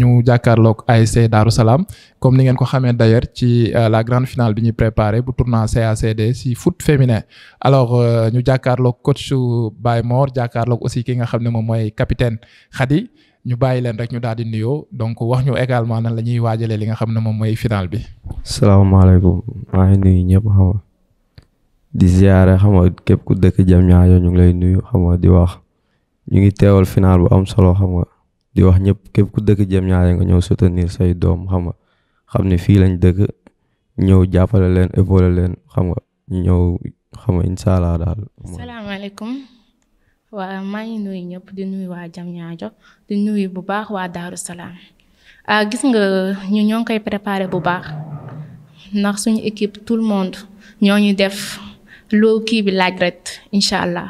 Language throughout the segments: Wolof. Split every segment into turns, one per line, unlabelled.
ñu jàkkaarloog ASC Darou Salaam comme ni ngeen ko xamee d'ailleurs ci euh, la grande finale bi ñuy préparé bu tournoi CACD si foot féminin alors euh, ñu jàkkaarloog coach Baye Mor jàkkaarloog aussi ki nga xam ne moom mooy capitaine Khady ñu bàyyi leen rek ñu daal di nuyoo donc wax ñu également nan la ñuy waajalee li nga xam ne moom mooy finale bi. salaamaaleykum maa ngi nuyu ñëpp xam nga di ziare xam nga képp ku dëkk jëm ñaa ñu ngi lay nuyu xam nga di wax ñu ngi teewal finale bu am solo xam nga. di wax ñëpp képp ku dëkk jëm ñaare nga ñëw soutenir say doom xam nga xam ne fii lañ dëkk ñëw jàppale leen évoluer leen xam nga ñëw xam nga incha allah daal.
salaamaaleykum waa maa ngi nuyu ñëpp di nuyu waa jam ñaajo di nuyu bu baax waa Daaru Salaam ah gis nga ñu ñoo koy préparé bu baax ndax suñu équipe tout le monde ñoo ñu def loo kii bi laaj rek incha allah.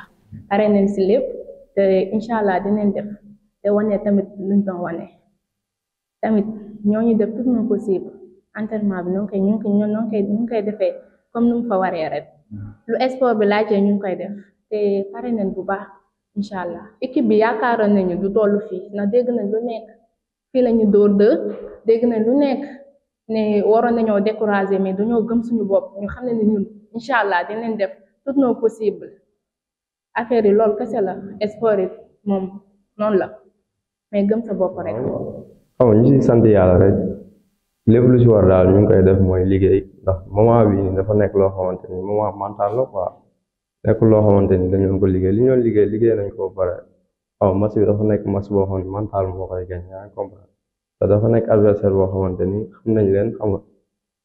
pare si lépp te incha allah dinañ def. te wane tamit luñ doon wane tamit ñooñu def tout le possible entraînement bi ñu koy ñu ngi koy ñu ngi koy ñu koy defee comme nu mu fa waree rek hmm. lu sport bi laajee ñu ngi koy def te pare nañ bu baax incha allah équipe bi yaakaaroon nañu du tollu fii ndax dégg nañ lu nekk fii la ñu dóor de dégg nañ lu nekk ne waroon nañoo décourager mais dañoo gëm suñu bopp ñu xam ne ni incha allah dinañ def tout nos possible affaire yi loolu kese la sport yi moom noonu la. megam sa bopp rek.
xaw ñu si sant yalla rek lepp lu ci war dal ñu koy def moy liggey ndax moment bi nii dafa nek lo xamanteni moment mental la quoi nek lo xamanteni dañu ko liggey li ñu liggey liggey nañ ko bare aw match bi dafa nek match boo xam ne mental mo koy gañ yaa comprendre da dafa nek adversaire bo xamanteni xam nañ leen kan, xam nga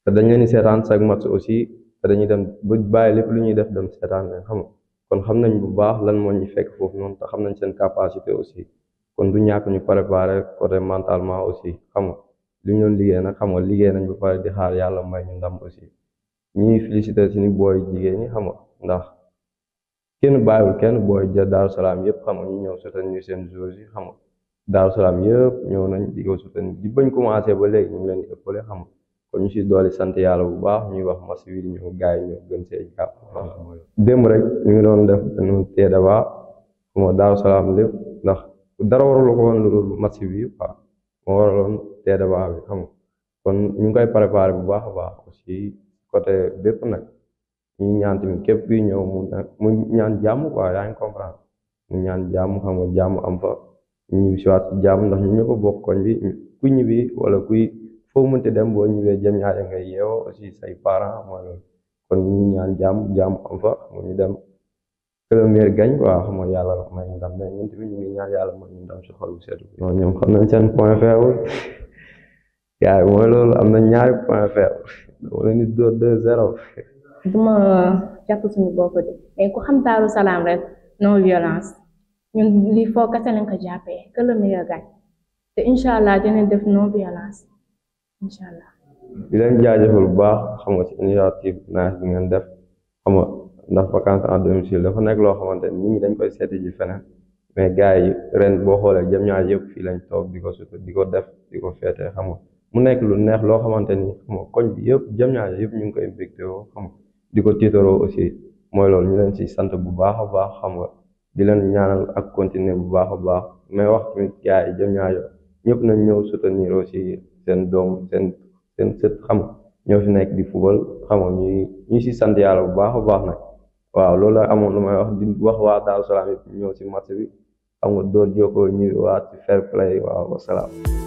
te dañ leen di seetaan chaque match aussi te dañuy dem bu baye lepp lu ñuy def dem seetaan leen xam nga kon xam nañ bu baax lan mo ñuy fekk fofu non ta xam nañ sen capacité aussi. kon du ñàkk ñu préparer côté mentalement aussi xam nga li ñu doon liggéey nag xam nga liggéey nañ bu pare di xaar yàlla may ñu ndam aussi ñuy féliciter ni booy jigéen ñi xam nga ndax kenn bàyyiwul kenn booy ja Daaru Salaam yëpp xam ñu ñëw soutenir seen joueurs yi xam nga Daaru Salaam yëpp ñëw nañ di ko soutenir di bañ commencé ba léegi ñu ngi leen di ëppale xam kon ñu si doole sant yàlla bu baax ñuy wax match bi di ñëw gars yi ñoo gën see jàpp démb rek ñu ngi doon def benn tee Daaru Salaam lépp ndax dara warul ko woon lu dul match bi quoi moo waraloon tee devant bi xam kon ñu ngi koy préparé bu baax a baax aussi côté bépp nag ñu ñaan tamit képp kuy ñëw mu mu ñaan jàmm quoi yaa ngi comprendre mu ñaan jàmm xam jàmm am fa ñu si waat ndax ñu ñëpp a bokk koñ bi ku ñibbi wala kuy foo mënti dem boo ñibbee jëm ñaare nga yeewoo aussi say parent mooy kon ñu ñaan jàmm jàmm am mu ñu dem. que le meilleur gagne quoi xam yàlla la may ndam mais ñun tamit ñu ngi ñaan yàlla may ñu ndam si xol point faible gars yi mooy loolu am na ñaari point faible dama leen di deux zéro
duma jàpp suñu bopp de mais ku xam Daaru Salaam rek non violence ñun lii foo kese lañ ko jàppee que le meilleur te incha allah def non violence incha
allah di bu baax xam nga ci initiative naaj bi def xam ndax vacances à domicile dafa nekk loo xamante ni nit ñi dañ koy seeti ji feneen mais gars yi ren boo xoolee jëm ñaar yëpp fii lañ toog di ko di ko def di ko feete xam nga mu nekk lu neex loo xamante ni xam koñ yëpp jëm yëpp ñu ngi koy mbégte woo xam nga di ko tiitaroo aussi mooy loolu ñu leen si sant bu baax a baax xam nga di leen ñaanal ak continuer bu baax a baax mais wax tamit gars yi jëm ñaar ñëpp nañ ñëw soutenir aussi seen doom seen seen sët xam nga ñoo fi nekk di fubal xam nga ñuy ñu si sant yàlla bu baax a baax nag waaw loolu la amoon lu may wax di wax waa Daaru Salaam ñëw si match bi xam nga door jokkoo ñëwaat ci fair play waaw wasalaam